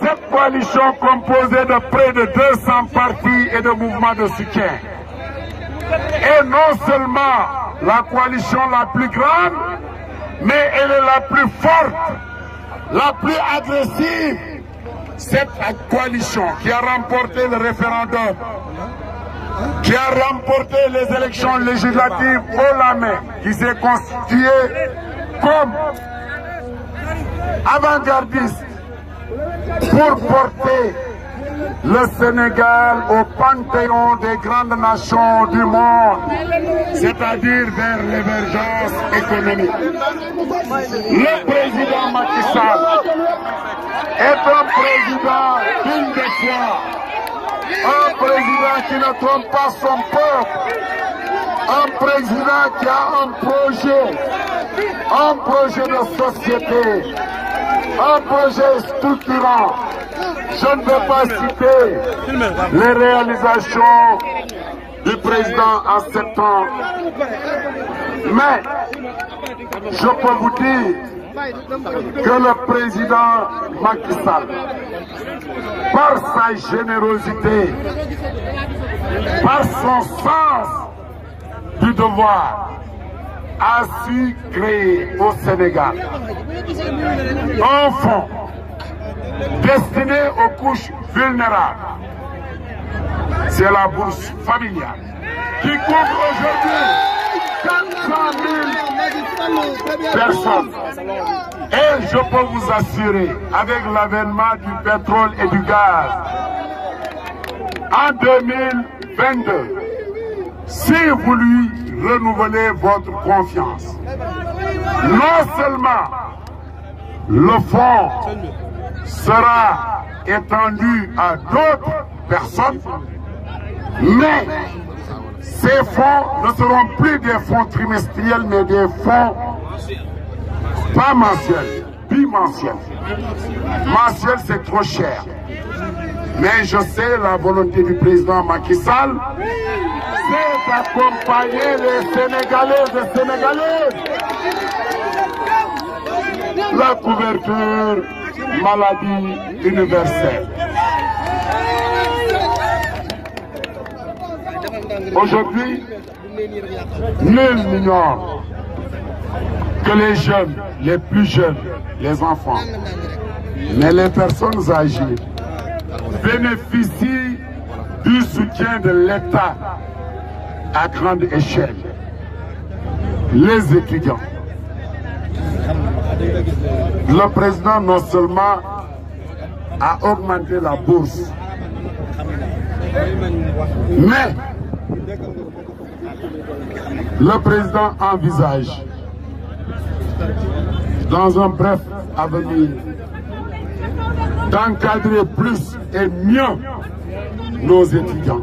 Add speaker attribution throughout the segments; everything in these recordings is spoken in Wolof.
Speaker 1: cette coalition composée de près de 200 partis et de mouvements de soutien est non seulement la coalition la plus grande, mais elle est la plus forte, la plus agressive. Cette coalition qui a remporté le référendum, qui a remporté les élections législatives au la qui s'est constituée comme avant-gardiste pour porter le Sénégal au panthéon des grandes nations du monde, c'est-à-dire vers l'émergence économique.
Speaker 2: Le président Macky
Speaker 1: est un président d'une de un président qui ne trompe pas son peuple, un président qui a un projet, un projet de société, un projet structurant. Je ne veux pas citer les réalisations du président en septembre,
Speaker 2: Mais je peux vous dire que le
Speaker 1: président Macky Sall, par sa générosité,
Speaker 2: par son sens
Speaker 1: du devoir, a su créer au Sénégal
Speaker 2: un fonds
Speaker 1: destiné aux couches vulnérables. C'est la bourse familiale qui couvre aujourd'hui
Speaker 2: 400 000 personnes.
Speaker 1: Et je peux vous assurer, avec l'avènement du pétrole et du gaz, en 2022, si vous lui renouvelez votre confiance, non seulement le fonds sera étendu à d'autres personnes, mais ces fonds ne seront plus des fonds trimestriels, mais des fonds pas mensuels, bimensuels. Mensuels, c'est trop cher. Mais je sais la volonté du président Macky Sall c'est accompagner les Sénégalais et
Speaker 2: Sénégalaises.
Speaker 1: La couverture maladie universelle. Aujourd'hui, nul n'ignore que les jeunes, les plus jeunes, les enfants, mais les personnes âgées bénéficient du soutien de l'État à grande échelle les étudiants. Le président non seulement a augmenté la bourse, mais le président envisage dans un bref avenir d'encadrer plus et mieux nos étudiants.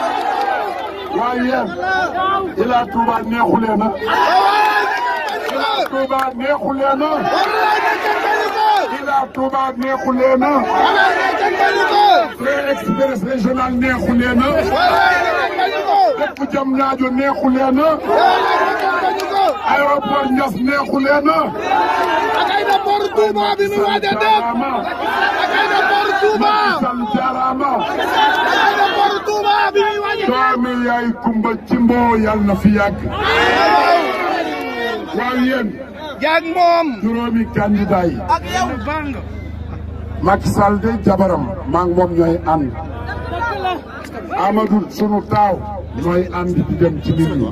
Speaker 1: waaye ilaa Touba neexu leen a. ilaa Touba neexu leen a. ilaa Touba neexu leen a. les express régional neexu leen a. dëkk Diamniadio neexu leen a. aéroport Niass neexu leen a. ak aéroport Touba bi mu waaj a dem. ak aéroport Touba. ak aéroport Touba bi mu waaj a dem. kaamil yaay kumba cimboo yàlla na fi yàgg. waaw yéen. yàgg moom. di dem ci mbir mi.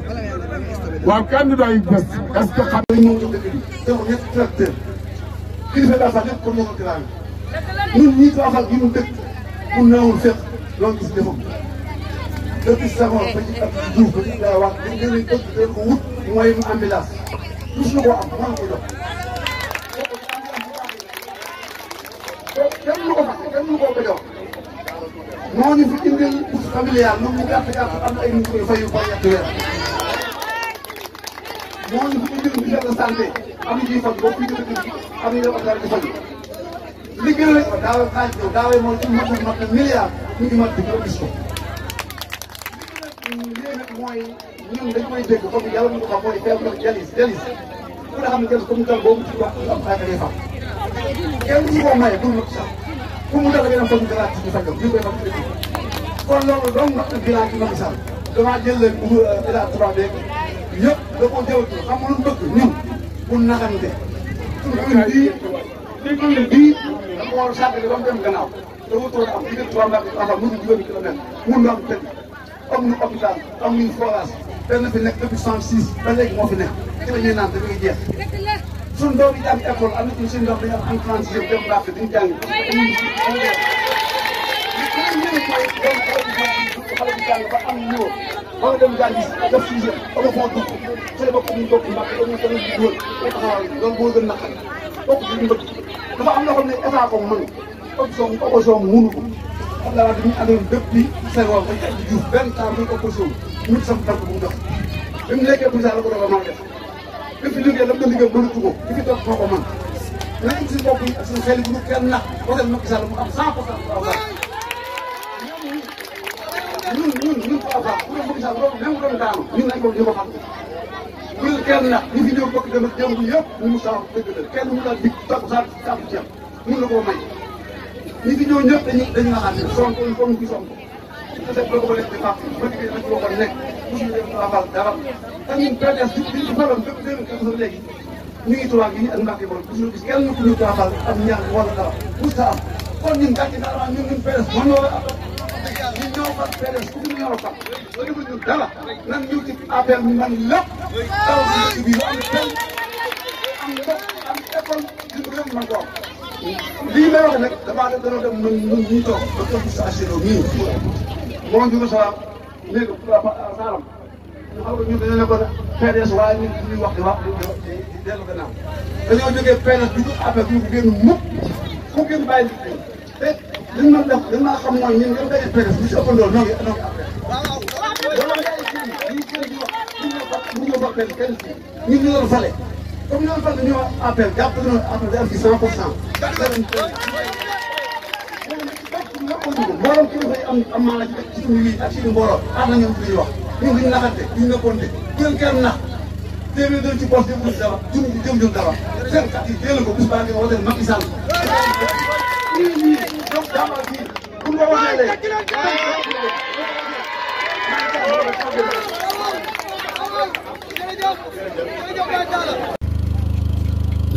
Speaker 2: waaw candidat yi des xam nañu. kilifa daa ñii taxal gi mu dëkk mu depuis Senghor ba ci Abdou Diouf ba ci Abdoulaye Wade dañ leen bëgg leen ko wut mooy mu ambulance toujours ko am maa ngi ko jox. kenn lu ko fàtte kenn lu ko ko jox. moo ñu fi indil bourse familiale moom ñu gàtt gàtt am ay nit yu fay yu ko ñetti weer. moo ñu fi indil mutuelle de santé am ciy fan boo ko yëkkati am ñu def ak dara di fan. liggéey la ko daawee xaaj yow daawee mooy ci mat mat milliard ñu ngi mat di ko gis ko. lii nag mooy ñun dañ koy dégg comme yàlla mu ko xam mooy feebar jalis jalis ku ne xam ne jalis comme dal boobu ci wax am saaka day fam kenn ñi ko maye pour sax ku mu dal ngeen am comme galaat ci sangam ñu koy fam ci kon loolu donc ndax village bi Macky Sall damaa jël leen bu état tubaab beeg yëpp da koo jëwatu xam nga lu bëgg ñun bu naxante suñu commune bii suñu commune bii da ko war a sàggale ba mu dem gannaaw da ko toog am diggante tubaab ndax dafa am lu mu juróomi kilomètre mun na am tëdd amuñu hôpital amuñu forage benn fi nekk depuis 66 ba léegi moo fi nekk ci la ñuy naan dañuy jeex. suñu doom yi jàng école am na ci suñu doom dañuy am en transition dem baax bi duñu jàng. xale bi jàng ba am ñëw ba nga dem jàngi def sujet ama foo dugg xale ba commune bokk Mbacke dañu tan dugal ay taxawal loolu moo gën naqari bokk bi ñu bëgg dafa am loo xam ne état ko mën opposition opposition mënu ko Abdoulaye Wade ñu àndoon depuis Senghor ba Abdou Diouf vingt ans mu ngi opposition ñu sam tànk bu mu dox bi mu nekkee président la ko doon man def bi fi liggéey la mu doon liggéey mënatu ko fi fi toog foo ko man nañ si bopp yi ak suñu xel bu ñu kenn nax côté Macky Sall mu am cent pour cent bu avancé ñun ñun ñun ko avancé bu doon Macky Sall loolu même doon daanu ñun nañ ko ñu ko xam bu kenn nax ñu fi ñëw bokk dem ak jëm yëpp ñu mu sa dëgg la kenn mu daal dig toog sa kàddu jeex mun na koo may ñi fi ñëw ñëpp dañuy dañuy naan Sonko Sonko Sonko te boo ko def di fàq ba liggéey rek boo ko nekk mosuñu dem rafal dara te ñun PDS bi bi ñu faroon bépp deux mille quatorze léegi ñu ngi tubaab yi ak mbàkk yi bon mosuñu gis kenn ku ñu rafal am ñaan wala dara pour ça am kon ñun gàcce dara ñun ñun PDS ñoo ku ñu ñoo ñu dara nan ñu ci ñu man bi ñu am am ñu ko lii may wax nag damaa dem danoo dem ñun ñun ñuy toog ba toog sa assurance nii. moo ñu ko salaam léegi pour la saalam ñu xam ñun dañoo nekkoon PDS waaye ñun dañuy wax di wax di di dellu gannaaw dañoo jógee PDS dugg après ñu génn mukk ku génn bàyyi nit ñi te li ñu mën def li ma xam mooy ñun ñoom dañuy PDS bu si ëppandoo noo ngi noo ngi après. loolu dañuy gën di wax ñu ñu bokk ñu ñu bokk kenn kenn ñun ñu doon fale. comme ñoom fan dañoo appel jàpp na appel day am ci 100 pour cent. mbooloo kilifa yi am am maanaam ci suñu wii ak suñu mbooloo ànd nañu li ñuy wax ñun duñu naxante duñu nëppoonte jël kenn nax téeméer doon ci poche jëm jëm dara jëm jëm jëm dara seen kat yi jëlee ko bis baa ngi wooteel Macky Sall. ñii ñii donc jàmbaar bii bu ñu ko wootee léegi.
Speaker 1: jërëjëf jërëjëf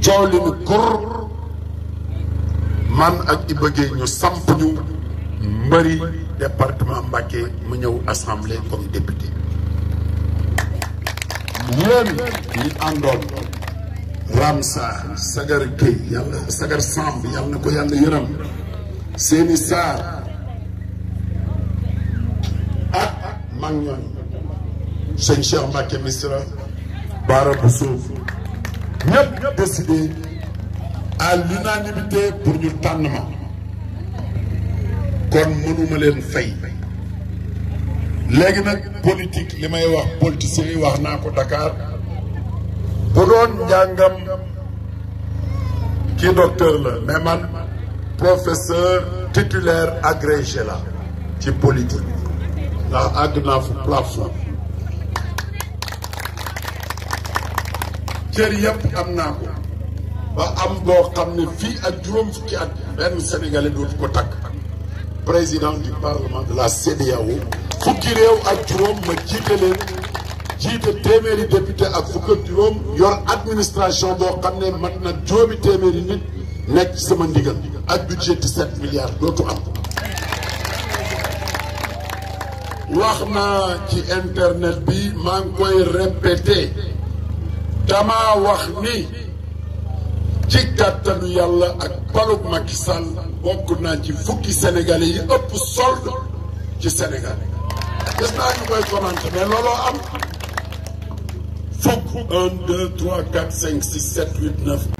Speaker 1: coow kor man ak ibege ñu samp ñu mbari département Mbacké mu ñew assemblée comme député yéen ñi andol Ramsa Sagar Gueye yalla Sagar Samb yalla ko yalla yërëm seni saar ak mag seigneur Mbacké Misra barabou Bousso ñëpp décidé à l'unanimité pour ñu tànn ma kon mënuma leen fey léegi nag politique li may wax si yi wax naa ko Dakar bu doon njàngam kii docteur la mais man professeur titulaire agrégé la ci politique ndax àgg naa fu plafond cër yëpp am naa ko ba am boo xam ne fii ak juróom fukki at benn sénégalais dootu ko takk président du parlement de la CEDEAO fukki réew ak juróom ma jiite leen jiite téeméeri député ak fukk ak juróom yor administration boo xam ne mat na juróomi téeméeri nit nekk sama ndigal ak budget 17 milliards dootu am wax naa ci internet bi maa koy répété damaa wax ni ci kàttanu yàlla ak palub Macky Sall bokk naa ci fukki sénégalais yi ëpp solde ci Sénégal gis naa ñu koy commenté mais looloo am